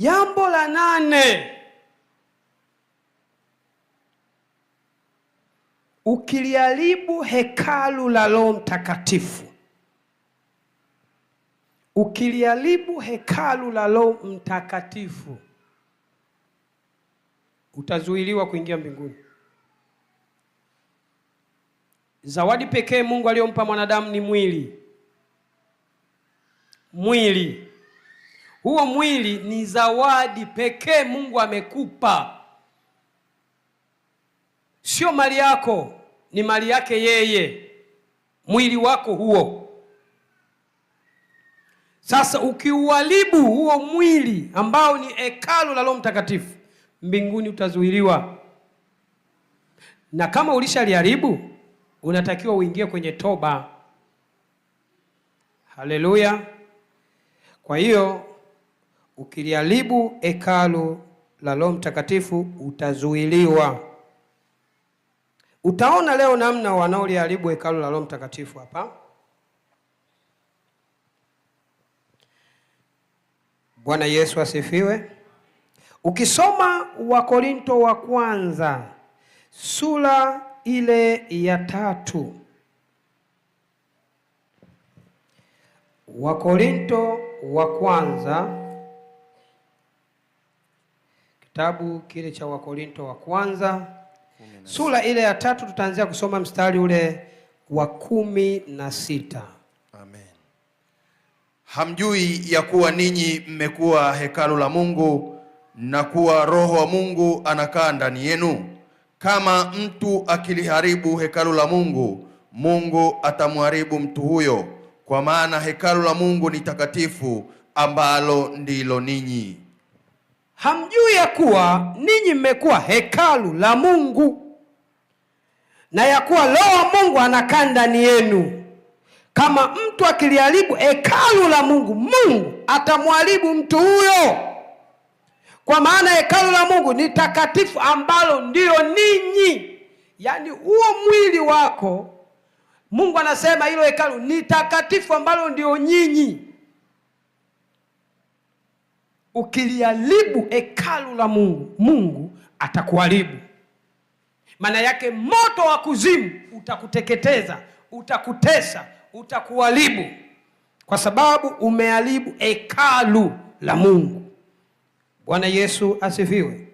Jambo la nane, ukiliharibu hekalu la Roho Mtakatifu, ukiliharibu hekalu la Roho Mtakatifu utazuiliwa kuingia mbinguni. Zawadi pekee Mungu aliyompa mwanadamu ni mwili, mwili huo mwili ni zawadi pekee Mungu amekupa, sio mali yako, ni mali yake yeye, mwili wako huo. Sasa ukiuharibu huo mwili ambao ni hekalu la Roho Mtakatifu, mbinguni utazuiliwa, na kama ulishaliharibu unatakiwa uingie kwenye toba. Haleluya! Kwa hiyo ukiliharibu hekalu la Roho Mtakatifu utazuiliwa. Utaona leo namna wanaoliharibu hekalu la Roho Mtakatifu hapa. Bwana Yesu asifiwe. Ukisoma Wakorinto wa kwanza sura ile ya tatu, Wakorinto wa kwanza Kitabu kile cha Wakorinto wa kwanza sura ile ya tatu tutaanzia kusoma mstari ule wa kumi na sita. Amen. Hamjui ya kuwa ninyi mmekuwa hekalu la Mungu na kuwa Roho wa Mungu anakaa ndani yenu? Kama mtu akiliharibu hekalu la Mungu, Mungu atamharibu mtu huyo, kwa maana hekalu la Mungu ni takatifu, ambalo ndilo ninyi hamjui ya kuwa ninyi mmekuwa hekalu la Mungu na ya kuwa Roho wa Mungu anakaa ndani yenu. Kama mtu akiliharibu hekalu la Mungu, Mungu atamwharibu mtu huyo, kwa maana hekalu la Mungu ni takatifu, ambalo ndiyo ninyi. Yaani huo mwili wako, Mungu anasema hilo hekalu ni takatifu, ambalo ndio nyinyi ukiliharibu hekalu la Mungu, Mungu atakuharibu. Maana yake moto wa kuzimu utakuteketeza, utakutesa, utakuharibu kwa sababu umeharibu hekalu la Mungu. Bwana Yesu asifiwe.